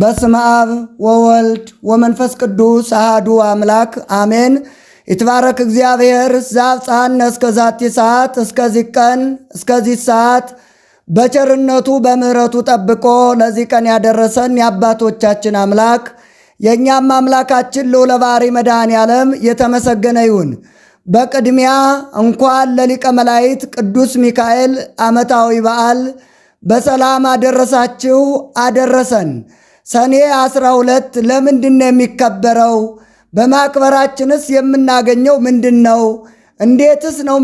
በስመ አብ ወወልድ ወመንፈስ ቅዱስ አህዱ አምላክ አሜን። ይትባረክ እግዚአብሔር ዘአብጽሐነ እስከ ዛቲ ሰዓት እስከዚህ ቀን እስከዚህ ሰዓት በቸርነቱ በምሕረቱ ጠብቆ ለዚህ ቀን ያደረሰን የአባቶቻችን አምላክ የእኛም አምላካችን ልዑለ ባሕርይ መድኃኔ ዓለም የተመሰገነ ይሁን። በቅድሚያ እንኳን ለሊቀ መላእክት ቅዱስ ሚካኤል ዓመታዊ በዓል በሰላም አደረሳችሁ አደረሰን። ሰኔ 12 ለምንድን ነው የሚከበረው? በማክበራችንስ የምናገኘው ምንድን ነው? እንዴትስ ነው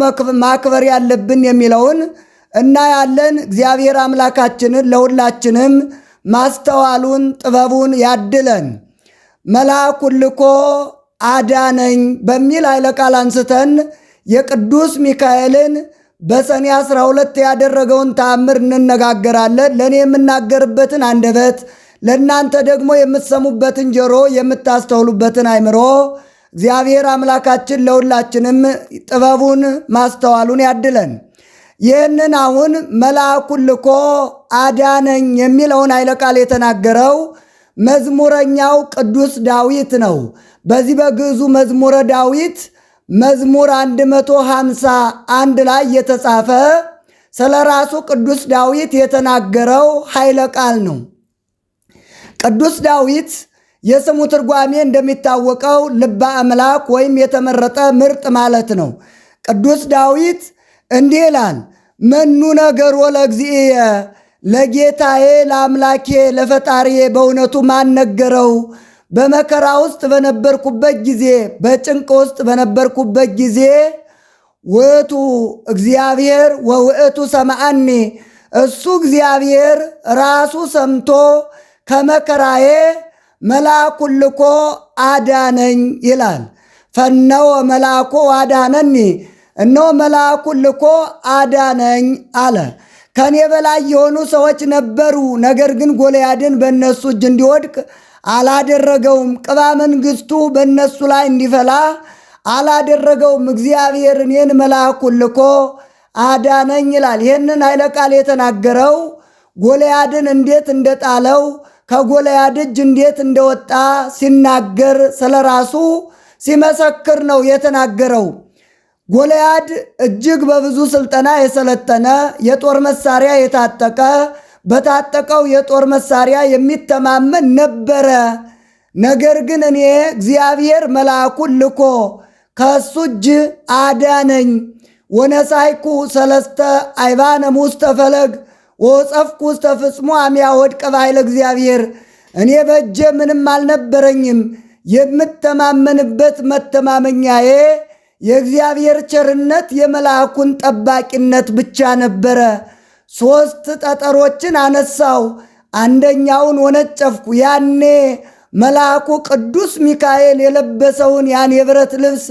ማክበር ያለብን የሚለውን እናያለን። እግዚአብሔር አምላካችንን ለሁላችንም ማስተዋሉን ጥበቡን ያድለን። መልአኩን ልኮ አዳነኝ በሚል ኃይለ ቃል አንስተን የቅዱስ ሚካኤልን በሰኔ 12 ያደረገውን ተአምር እንነጋገራለን። ለእኔ የምናገርበትን አንደበት ለእናንተ ደግሞ የምትሰሙበትን ጆሮ የምታስተውሉበትን አይምሮ እግዚአብሔር አምላካችን ለሁላችንም ጥበቡን ማስተዋሉን ያድለን። ይህንን አሁን መልአኩን ልኮ አዳነኝ የሚለውን ኃይለ ቃል የተናገረው መዝሙረኛው ቅዱስ ዳዊት ነው። በዚህ በግዕዙ መዝሙረ ዳዊት መዝሙር 151 ላይ የተጻፈ ስለ ራሱ ቅዱስ ዳዊት የተናገረው ኃይለ ቃል ነው። ቅዱስ ዳዊት የስሙ ትርጓሜ እንደሚታወቀው ልበ አምላክ ወይም የተመረጠ ምርጥ ማለት ነው። ቅዱስ ዳዊት እንዲህ ይላል፣ መኑ ነገሮ ለእግዚእየ ለጌታዬ ለአምላኬ ለፈጣሪዬ በእውነቱ ማን ነገረው? በመከራ ውስጥ በነበርኩበት ጊዜ፣ በጭንቅ ውስጥ በነበርኩበት ጊዜ ውእቱ እግዚአብሔር ወውእቱ ሰማአኒ፣ እሱ እግዚአብሔር ራሱ ሰምቶ ከመከራዬ መልአኩ ልኮ አዳነኝ ይላል። ፈነወ መልአኩ አዳነኒ፣ እነሆ መልአኩ ልኮ አዳነኝ አለ። ከኔ በላይ የሆኑ ሰዎች ነበሩ፣ ነገር ግን ጎልያድን በእነሱ እጅ እንዲወድቅ አላደረገውም። ቅባ መንግስቱ በእነሱ ላይ እንዲፈላ አላደረገውም። እግዚአብሔር እኔን መልአኩ ልኮ አዳነኝ ይላል። ይህንን ኃይለ ቃል የተናገረው ጎልያድን እንዴት እንደጣለው ከጎልያድ እጅ እንዴት እንደወጣ ሲናገር ስለ ራሱ ሲመሰክር ነው የተናገረው። ጎልያድ እጅግ በብዙ ስልጠና የሰለጠነ የጦር መሳሪያ የታጠቀ በታጠቀው የጦር መሳሪያ የሚተማመን ነበረ። ነገር ግን እኔ እግዚአብሔር መልአኩን ልኮ ከእሱ እጅ አዳነኝ። ወነሳይኩ ሰለስተ አይባነ ውስተ ፈለግ ወጸፍኩ ውስተ ፍጽሞ ወድቀ ባይለ እግዚአብሔር እኔ በእጀ ምንም አልነበረኝም። የምተማመንበት መተማመኛዬ የእግዚአብሔር ቸርነት የመልአኩን ጠባቂነት ብቻ ነበረ። ሦስት ጠጠሮችን አነሳው፣ አንደኛውን ወነጨፍኩ። ያኔ መልአኩ ቅዱስ ሚካኤል የለበሰውን ያን የብረት ልብስ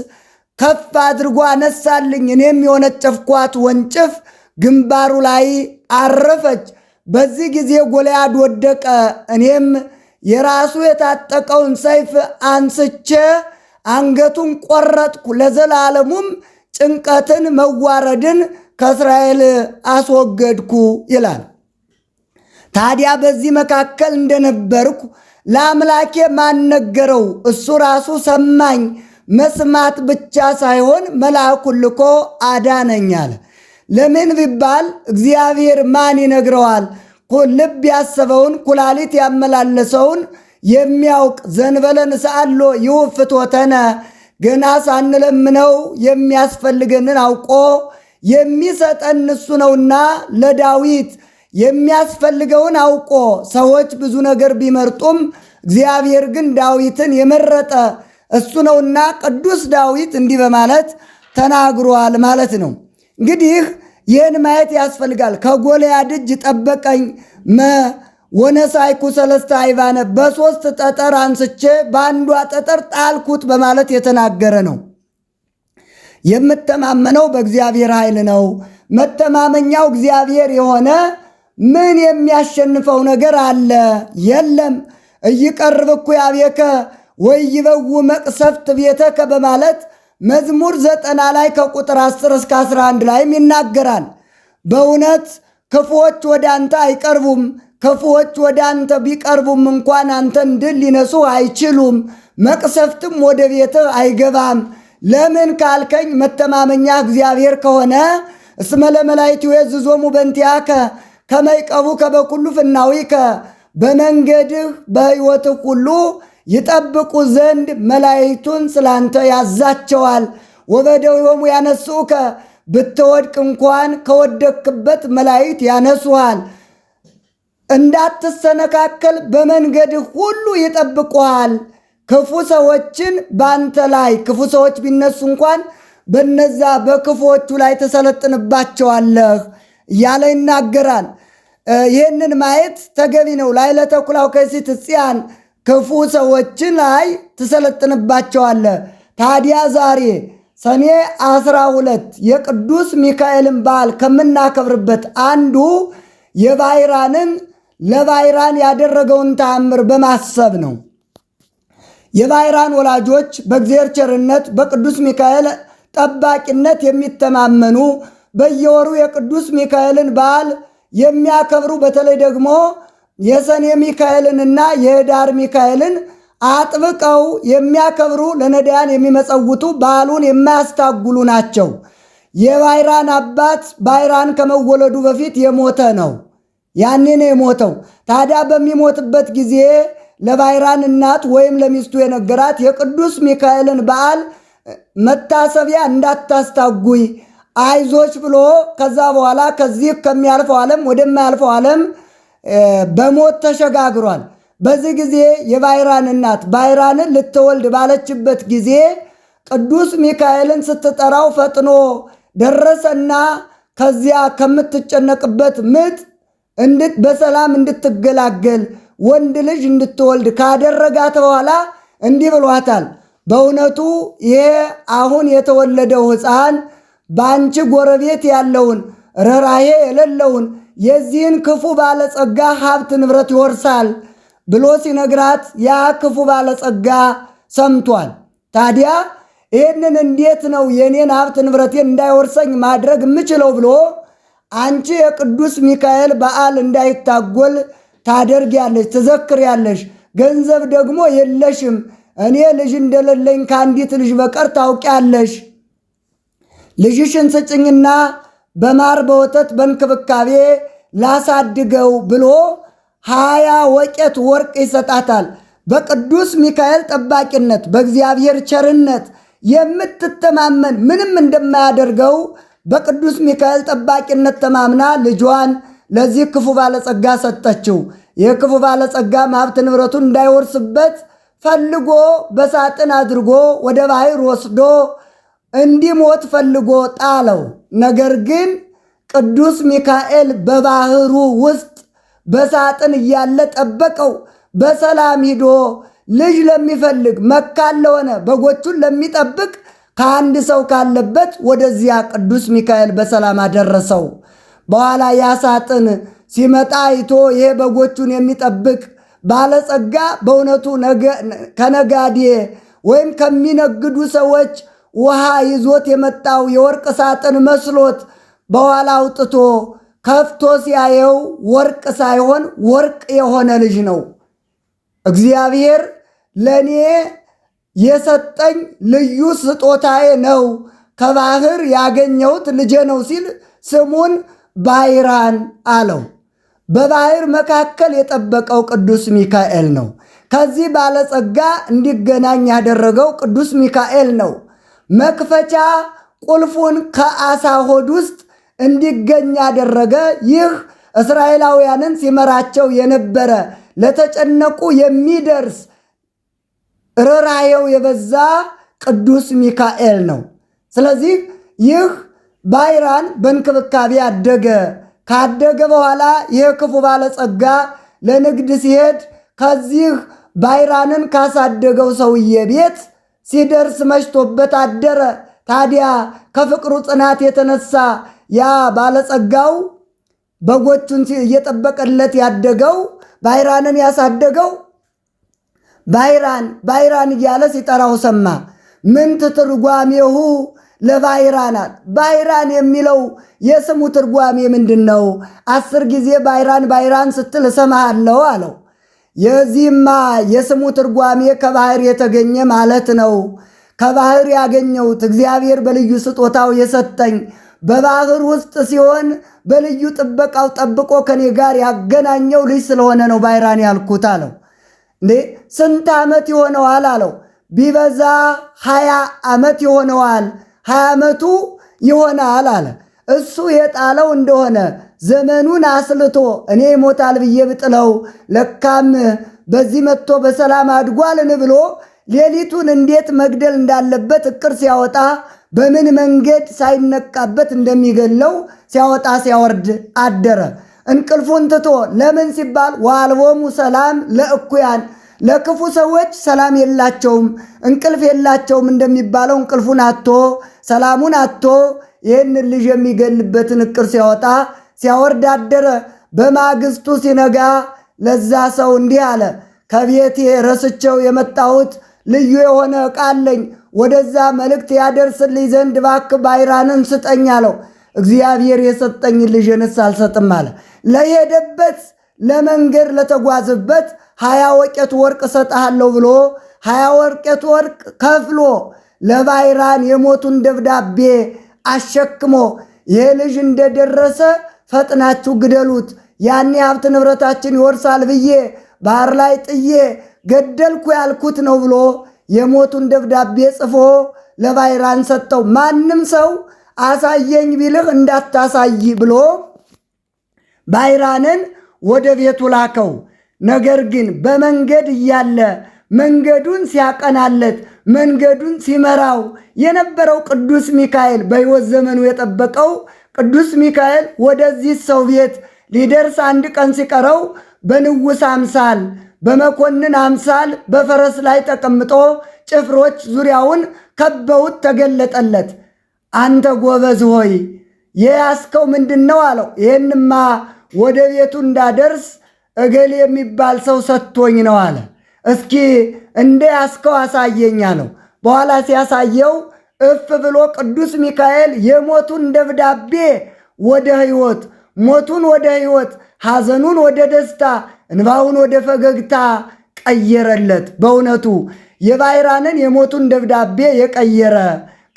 ከፍ አድርጎ አነሳልኝ። እኔም የወነጨፍኳት ወንጭፍ ግንባሩ ላይ አረፈች። በዚህ ጊዜ ጎልያድ ወደቀ። እኔም የራሱ የታጠቀውን ሰይፍ አንስቼ አንገቱን ቆረጥኩ። ለዘላለሙም ጭንቀትን፣ መዋረድን ከእስራኤል አስወገድኩ ይላል። ታዲያ በዚህ መካከል እንደነበርኩ ለአምላኬ ማነገረው እሱ ራሱ ሰማኝ። መስማት ብቻ ሳይሆን መልአኩን ልኮ አዳነኛል። ለምን ቢባል እግዚአብሔር ማን ይነግረዋል? ልብ ያሰበውን ኩላሊት ያመላለሰውን የሚያውቅ ዘንበለ ንስአሎ ይውፍቶተነ ገና ሳንለምነው የሚያስፈልገንን አውቆ የሚሰጠን እሱ ነውና። ለዳዊት የሚያስፈልገውን አውቆ ሰዎች ብዙ ነገር ቢመርጡም እግዚአብሔር ግን ዳዊትን የመረጠ እሱ ነውና ቅዱስ ዳዊት እንዲህ በማለት ተናግሯል ማለት ነው እንግዲህ ይህን ማየት ያስፈልጋል። ከጎልያድ እጅ ጠበቀኝ ወነሳይኩ ሰለስተ አይባነ በሶስት ጠጠር አንስቼ በአንዷ ጠጠር ጣልኩት በማለት የተናገረ ነው። የምተማመነው በእግዚአብሔር ኃይል ነው። መተማመኛው እግዚአብሔር የሆነ ምን የሚያሸንፈው ነገር አለ? የለም። እይቀርብ ወይ ይበው መቅሰፍት ቤተከ በማለት መዝሙር ዘጠና ላይ ከቁጥር 10 እስከ 11 ላይም ይናገራል። በእውነት ክፉዎች ወደ አንተ አይቀርቡም፣ ክፉዎች ወደ አንተ ቢቀርቡም እንኳን አንተን ድል ሊነሱ አይችሉም፣ መቅሰፍትም ወደ ቤትህ አይገባም። ለምን ካልከኝ መተማመኛ እግዚአብሔር ከሆነ እስመ ለመላእክቱ የዝዞሙ በእንቲአከ ከመይቀቡ ከበኩሉ ፍናዊከ በመንገድህ በሕይወትህ ሁሉ ይጠብቁ ዘንድ መላይቱን ስላንተ ያዛቸዋል። ወበደዌሆሙ ያነሱከ ብትወድቅ እንኳን ከወደክበት መላይት ያነሱሃል። እንዳትሰነካከል በመንገድህ ሁሉ ይጠብቁሃል። ክፉ ሰዎችን በአንተ ላይ ክፉ ሰዎች ቢነሱ እንኳን በነዛ በክፉዎቹ ላይ ተሰለጥንባቸዋለህ እያለ ይናገራል። ይህንን ማየት ተገቢ ነው። ላይ ለተኩላው ከዚህ ትጽያን ክፉ ሰዎችን ላይ ትሰለጥንባቸዋለ። ታዲያ ዛሬ ሰኔ አስራ ሁለት የቅዱስ ሚካኤልን በዓል ከምናከብርበት አንዱ የቫይራንን ለቫይራን ያደረገውን ተአምር በማሰብ ነው። የቫይራን ወላጆች በእግዜር ቸርነት በቅዱስ ሚካኤል ጠባቂነት የሚተማመኑ በየወሩ የቅዱስ ሚካኤልን በዓል የሚያከብሩ በተለይ ደግሞ የሰኔ ሚካኤልንና የህዳር ሚካኤልን አጥብቀው የሚያከብሩ ለነዳያን የሚመጸውቱ በዓሉን የማያስታጉሉ ናቸው። የባይራን አባት ባይራን ከመወለዱ በፊት የሞተ ነው። ያኔ ነው የሞተው። ታዲያ በሚሞትበት ጊዜ ለባይራን እናት ወይም ለሚስቱ የነገራት የቅዱስ ሚካኤልን በዓል መታሰቢያ እንዳታስታጉይ አይዞች ብሎ ከዛ በኋላ ከዚህ ከሚያልፈው ዓለም ወደማያልፈው ዓለም በሞት ተሸጋግሯል። በዚህ ጊዜ የባይራን እናት ባይራንን ልትወልድ ባለችበት ጊዜ ቅዱስ ሚካኤልን ስትጠራው ፈጥኖ ደረሰና ከዚያ ከምትጨነቅበት ምጥ እንድት በሰላም እንድትገላገል ወንድ ልጅ እንድትወልድ ካደረጋት በኋላ እንዲህ ብሏታል። በእውነቱ ይሄ አሁን የተወለደው ሕፃን በአንቺ ጎረቤት ያለውን ርኅራሄ የሌለውን የዚህን ክፉ ባለጸጋ ሀብት ንብረት ይወርሳል ብሎ ሲነግራት ያ ክፉ ባለጸጋ ሰምቷል። ታዲያ ይህንን እንዴት ነው የእኔን ሀብት ንብረቴን እንዳይወርሰኝ ማድረግ የምችለው ብሎ አንቺ የቅዱስ ሚካኤል በዓል እንዳይታጎል ታደርጊያለሽ፣ ትዘክሪያለሽ። ገንዘብ ደግሞ የለሽም። እኔ ልጅ እንደሌለኝ ከአንዲት ልጅ በቀር ታውቂያለሽ። ልጅሽን ስጭኝና በማር በወተት በእንክብካቤ ላሳድገው ብሎ ሀያ ወቄት ወርቅ ይሰጣታል። በቅዱስ ሚካኤል ጠባቂነት በእግዚአብሔር ቸርነት የምትተማመን ምንም እንደማያደርገው በቅዱስ ሚካኤል ጠባቂነት ተማምና ልጇን ለዚህ ክፉ ባለጸጋ ሰጠችው። ይህ ክፉ ባለጸጋም ሀብት ንብረቱን እንዳይወርስበት ፈልጎ በሳጥን አድርጎ ወደ ባህር ወስዶ እንዲሞት ፈልጎ ጣለው። ነገር ግን ቅዱስ ሚካኤል በባህሩ ውስጥ በሳጥን እያለ ጠበቀው። በሰላም ሂዶ ልጅ ለሚፈልግ መካን ለሆነ በጎቹን ለሚጠብቅ ከአንድ ሰው ካለበት ወደዚያ ቅዱስ ሚካኤል በሰላም አደረሰው። በኋላ ያ ሳጥን ሲመጣ አይቶ ይሄ በጎቹን የሚጠብቅ ባለጸጋ በእውነቱ ከነጋዴ ወይም ከሚነግዱ ሰዎች ውሃ ይዞት የመጣው የወርቅ ሳጥን መስሎት በኋላ አውጥቶ ከፍቶ ሲያየው ወርቅ ሳይሆን ወርቅ የሆነ ልጅ ነው። እግዚአብሔር ለእኔ የሰጠኝ ልዩ ስጦታዬ ነው፣ ከባህር ያገኘሁት ልጄ ነው ሲል ስሙን ባይራን አለው። በባህር መካከል የጠበቀው ቅዱስ ሚካኤል ነው። ከዚህ ባለጸጋ እንዲገናኝ ያደረገው ቅዱስ ሚካኤል ነው። መክፈቻ ቁልፉን ከአሳ ሆድ ውስጥ እንዲገኝ ያደረገ ይህ እስራኤላውያንን ሲመራቸው የነበረ ለተጨነቁ የሚደርስ ርኅራኄው የበዛ ቅዱስ ሚካኤል ነው። ስለዚህ ይህ ባይራን በእንክብካቤ አደገ። ካደገ በኋላ ይህ ክፉ ባለጸጋ ለንግድ ሲሄድ ከዚህ ባይራንን ካሳደገው ሰውዬ ቤት ሲደርስ መሽቶበት አደረ። ታዲያ ከፍቅሩ ጽናት የተነሳ ያ ባለጸጋው በጎቹን እየጠበቀለት ያደገው ባይራንን ያሳደገው ባይራን ባይራን እያለ ሲጠራው ሰማ። ምንት ትርጓሜሁ ለባይራናት ባይራን የሚለው የስሙ ትርጓሜ ምንድን ነው? አስር ጊዜ ባይራን ባይራን ስትል እሰማሃለሁ አለው። የዚህማ የስሙ ትርጓሜ ከባህር የተገኘ ማለት ነው። ከባህር ያገኘሁት እግዚአብሔር በልዩ ስጦታው የሰጠኝ በባህር ውስጥ ሲሆን በልዩ ጥበቃው ጠብቆ ከኔ ጋር ያገናኘው ልጅ ስለሆነ ነው ባይራን ያልኩት አለው። እንዴ ስንት ዓመት ይሆነዋል አለው። ቢበዛ ሀያ ዓመት ይሆነዋል ሀያ ዓመቱ ይሆናል አለ እሱ የጣለው እንደሆነ ዘመኑን አስልቶ እኔ ይሞታል ብዬ ብጥለው ለካም በዚህ መጥቶ በሰላም አድጓልን ብሎ ሌሊቱን እንዴት መግደል እንዳለበት እቅር ሲያወጣ በምን መንገድ ሳይነቃበት እንደሚገለው ሲያወጣ ሲያወርድ አደረ። እንቅልፉን ትቶ ለምን ሲባል ዋልቦሙ ሰላም ለእኩያን ለክፉ ሰዎች ሰላም የላቸውም፣ እንቅልፍ የላቸውም እንደሚባለው እንቅልፉን አቶ ሰላሙን አቶ ይህንን ልጅ የሚገልበትን እቅር ሲያወጣ ሲያወርድ አደረ። በማግስቱ ሲነጋ ለዛ ሰው እንዲህ አለ፣ ከቤቴ ረስቸው የመጣሁት ልዩ የሆነ ዕቃ አለኝ። ወደዛ መልእክት ያደርስልኝ ዘንድ እባክህ ባይራንን ስጠኝ አለው። እግዚአብሔር የሰጠኝ ልጅንስ አልሰጥም አለ። ለሄደበት ለመንገድ ለተጓዝበት ሀያ ወቄት ወርቅ እሰጥሃለሁ ብሎ ሀያ ወቄት ወርቅ ከፍሎ ለባይራን የሞቱን ደብዳቤ አሸክሞ ይህ ልጅ እንደደረሰ ፈጥናችሁ ግደሉት፣ ያኔ ሀብት ንብረታችን ይወርሳል ብዬ ባህር ላይ ጥዬ ገደልኩ ያልኩት ነው ብሎ የሞቱን ደብዳቤ ጽፎ ለባይራን ሰጠው። ማንም ሰው አሳየኝ ቢልህ እንዳታሳይ ብሎ ባይራንን ወደ ቤቱ ላከው። ነገር ግን በመንገድ እያለ መንገዱን ሲያቀናለት መንገዱን ሲመራው የነበረው ቅዱስ ሚካኤል በሕይወት ዘመኑ የጠበቀው ቅዱስ ሚካኤል ወደዚህ ሰው ቤት ሊደርስ አንድ ቀን ሲቀረው በንጉሥ አምሳል በመኮንን አምሳል በፈረስ ላይ ተቀምጦ ጭፍሮች ዙሪያውን ከበውት ተገለጠለት። አንተ ጎበዝ ሆይ የያዝከው ምንድን ነው አለው። ይህንማ ወደ ቤቱ እንዳደርስ እገሌ የሚባል ሰው ሰጥቶኝ ነው አለ። እስኪ እንደ ያዝከው አሳየኝ አለው። በኋላ ሲያሳየው እፍ ብሎ ቅዱስ ሚካኤል የሞቱን ደብዳቤ ወደ ሕይወት ሞቱን ወደ ሕይወት ሐዘኑን ወደ ደስታ እንባውን ወደ ፈገግታ ቀየረለት። በእውነቱ የባይራንን የሞቱን ደብዳቤ የቀየረ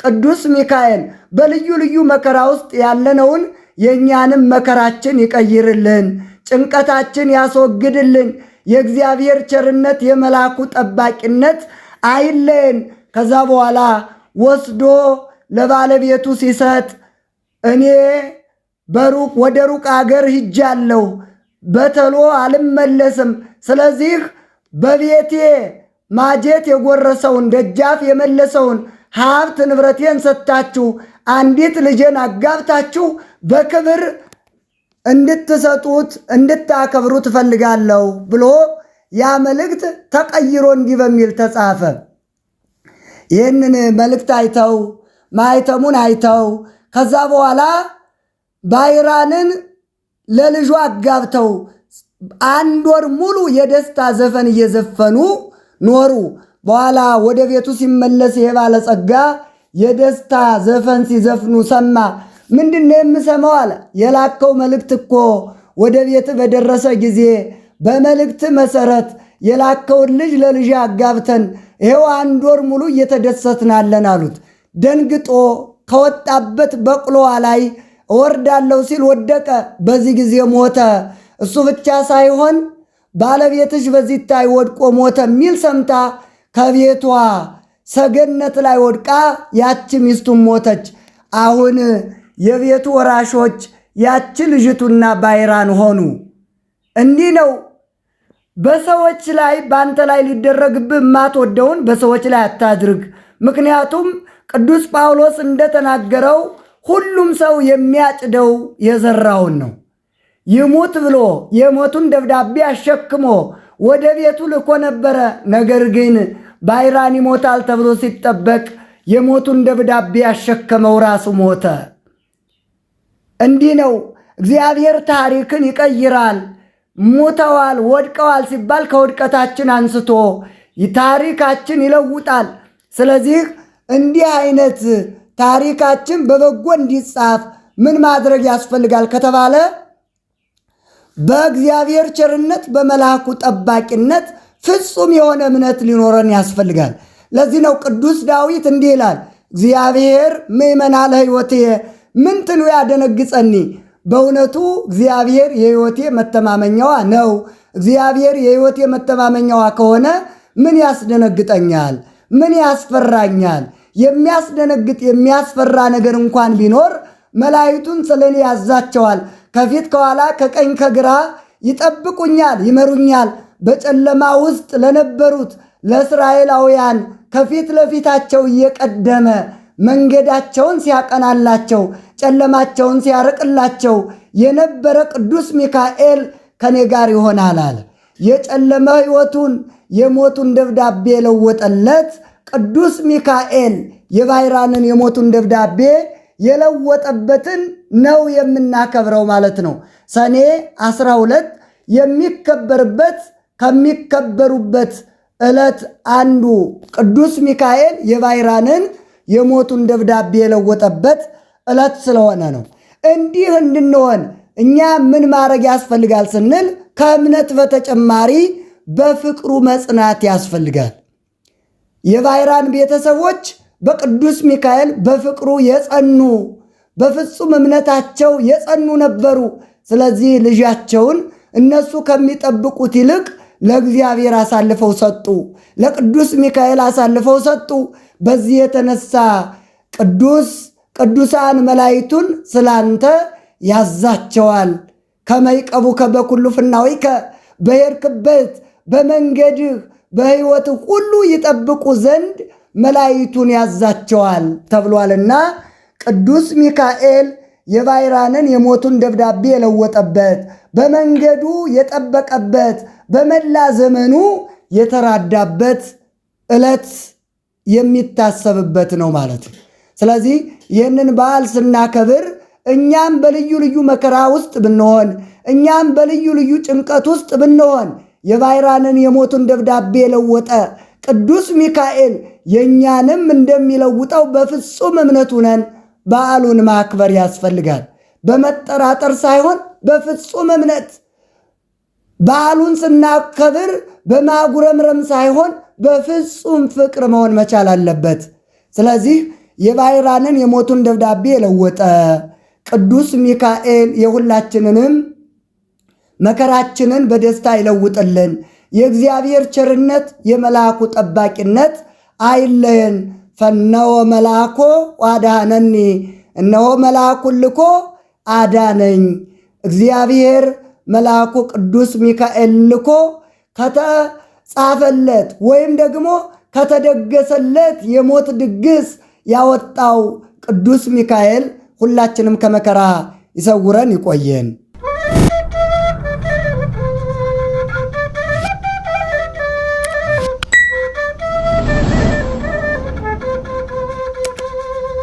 ቅዱስ ሚካኤል በልዩ ልዩ መከራ ውስጥ ያለነውን የእኛንም መከራችን ይቀይርልን፣ ጭንቀታችን ያስወግድልን። የእግዚአብሔር ቸርነት የመላኩ ጠባቂነት አይለየን። ከዛ በኋላ ወስዶ ለባለቤቱ ሲሰጥ እኔ በሩቅ ወደ ሩቅ አገር ሂጃለሁ፣ በተሎ አልመለስም። ስለዚህ በቤቴ ማጀት የጎረሰውን ደጃፍ የመለሰውን ሀብት ንብረቴን ሰጥታችሁ አንዲት ልጄን አጋብታችሁ በክብር እንድትሰጡት እንድታከብሩ ትፈልጋለሁ ብሎ ያ መልእክት ተቀይሮ እንዲህ በሚል ተጻፈ። ይህንን መልእክት አይተው ማይተሙን አይተው ከዛ በኋላ ባይራንን ለልጁ አጋብተው አንድ ወር ሙሉ የደስታ ዘፈን እየዘፈኑ ኖሩ። በኋላ ወደ ቤቱ ሲመለስ ይሄ ባለጸጋ የደስታ ዘፈን ሲዘፍኑ ሰማ። ምንድን ነው የምሰማው? አለ። የላከው መልእክት እኮ ወደ ቤት በደረሰ ጊዜ በመልእክት መሰረት የላከውን ልጅ ለልጅ አጋብተን ይሄው አንድ ወር ሙሉ እየተደሰትናለን አሉት። ደንግጦ ከወጣበት በቅሎዋ ላይ እወርዳለሁ ሲል ወደቀ። በዚህ ጊዜ ሞተ። እሱ ብቻ ሳይሆን ባለቤትሽ በዚህ ታይ ወድቆ ሞተ የሚል ሰምታ ከቤቷ ሰገነት ላይ ወድቃ ያቺ ሚስቱን ሞተች። አሁን የቤቱ ወራሾች ያቺ ልጅቱና ባይራን ሆኑ። እንዲህ ነው በሰዎች ላይ በአንተ ላይ ሊደረግብህ የማትወደውን በሰዎች ላይ አታድርግ። ምክንያቱም ቅዱስ ጳውሎስ እንደተናገረው ሁሉም ሰው የሚያጭደው የዘራውን ነው። ይሙት ብሎ የሞቱን ደብዳቤ አሸክሞ ወደ ቤቱ ልኮ ነበረ። ነገር ግን ባይራን ይሞታል ተብሎ ሲጠበቅ የሞቱን ደብዳቤ ያሸከመው ራሱ ሞተ። እንዲህ ነው እግዚአብሔር ታሪክን ይቀይራል። ሙተዋል፣ ወድቀዋል ሲባል ከውድቀታችን አንስቶ ታሪካችን ይለውጣል። ስለዚህ እንዲህ አይነት ታሪካችን በበጎ እንዲጻፍ ምን ማድረግ ያስፈልጋል ከተባለ በእግዚአብሔር ቸርነት በመልአኩ ጠባቂነት ፍጹም የሆነ እምነት ሊኖረን ያስፈልጋል። ለዚህ ነው ቅዱስ ዳዊት እንዲህ ይላል፣ እግዚአብሔር ምእመና ለሕይወትየ ምንትኑ ያደነግጸኒ በእውነቱ እግዚአብሔር የሕይወቴ መተማመኛዋ ነው። እግዚአብሔር የሕይወቴ መተማመኛዋ ከሆነ ምን ያስደነግጠኛል? ምን ያስፈራኛል? የሚያስደነግጥ የሚያስፈራ ነገር እንኳን ቢኖር መላእክቱን ስለ እኔ ያዛቸዋል። ከፊት ከኋላ፣ ከቀኝ ከግራ ይጠብቁኛል፣ ይመሩኛል። በጨለማ ውስጥ ለነበሩት ለእስራኤላውያን ከፊት ለፊታቸው እየቀደመ መንገዳቸውን ሲያቀናላቸው፣ ጨለማቸውን ሲያርቅላቸው የነበረ ቅዱስ ሚካኤል ከኔ ጋር ይሆናል አለ። የጨለመ ሕይወቱን የሞቱን ደብዳቤ የለወጠለት ቅዱስ ሚካኤል የባይራንን የሞቱን ደብዳቤ የለወጠበትን ነው የምናከብረው ማለት ነው። ሰኔ 12 የሚከበርበት ከሚከበሩበት ዕለት አንዱ ቅዱስ ሚካኤል የባይራንን የሞቱን ደብዳቤ የለወጠበት ዕለት ስለሆነ ነው። እንዲህ እንድንሆን እኛ ምን ማድረግ ያስፈልጋል ስንል ከእምነት በተጨማሪ በፍቅሩ መጽናት ያስፈልጋል። የቫይራን ቤተሰቦች በቅዱስ ሚካኤል በፍቅሩ የጸኑ በፍጹም እምነታቸው የጸኑ ነበሩ። ስለዚህ ልጃቸውን እነሱ ከሚጠብቁት ይልቅ ለእግዚአብሔር አሳልፈው ሰጡ፣ ለቅዱስ ሚካኤል አሳልፈው ሰጡ። በዚህ የተነሳ ቅዱስ ቅዱሳን መላይቱን ስላንተ ያዛቸዋል። ከመይቀቡ ከበኩሉ ፍናዊከ በየርክበት በመንገድህ በሕይወትህ ሁሉ ይጠብቁ ዘንድ መላይቱን ያዛቸዋል ተብሏልና ቅዱስ ሚካኤል የባይራንን የሞቱን ደብዳቤ የለወጠበት በመንገዱ የጠበቀበት በመላ ዘመኑ የተራዳበት ዕለት የሚታሰብበት ነው ማለት ነው። ስለዚህ ይህንን በዓል ስናከብር እኛም በልዩ ልዩ መከራ ውስጥ ብንሆን፣ እኛም በልዩ ልዩ ጭንቀት ውስጥ ብንሆን የባይራንን የሞቱን ደብዳቤ የለወጠ ቅዱስ ሚካኤል የእኛንም እንደሚለውጠው በፍጹም እምነቱ ነን። በዓሉን ማክበር ያስፈልጋል። በመጠራጠር ሳይሆን በፍጹም እምነት በዓሉን ስናከብር በማጉረምረም ሳይሆን በፍጹም ፍቅር መሆን መቻል አለበት። ስለዚህ የባይራንን የሞቱን ደብዳቤ የለወጠ ቅዱስ ሚካኤል የሁላችንንም መከራችንን በደስታ ይለውጥልን። የእግዚአብሔር ቸርነት፣ የመልአኩ ጠባቂነት አይለየን። ፈነወ መልአኮ ዋዳነኒ፣ እነሆ መልአኩን ልኮ አዳነኝ። እግዚአብሔር መልአኩ ቅዱስ ሚካኤል ልኮ ከተጻፈለት ወይም ደግሞ ከተደገሰለት የሞት ድግስ ያወጣው ቅዱስ ሚካኤል ሁላችንም ከመከራ ይሰውረን ይቆየን።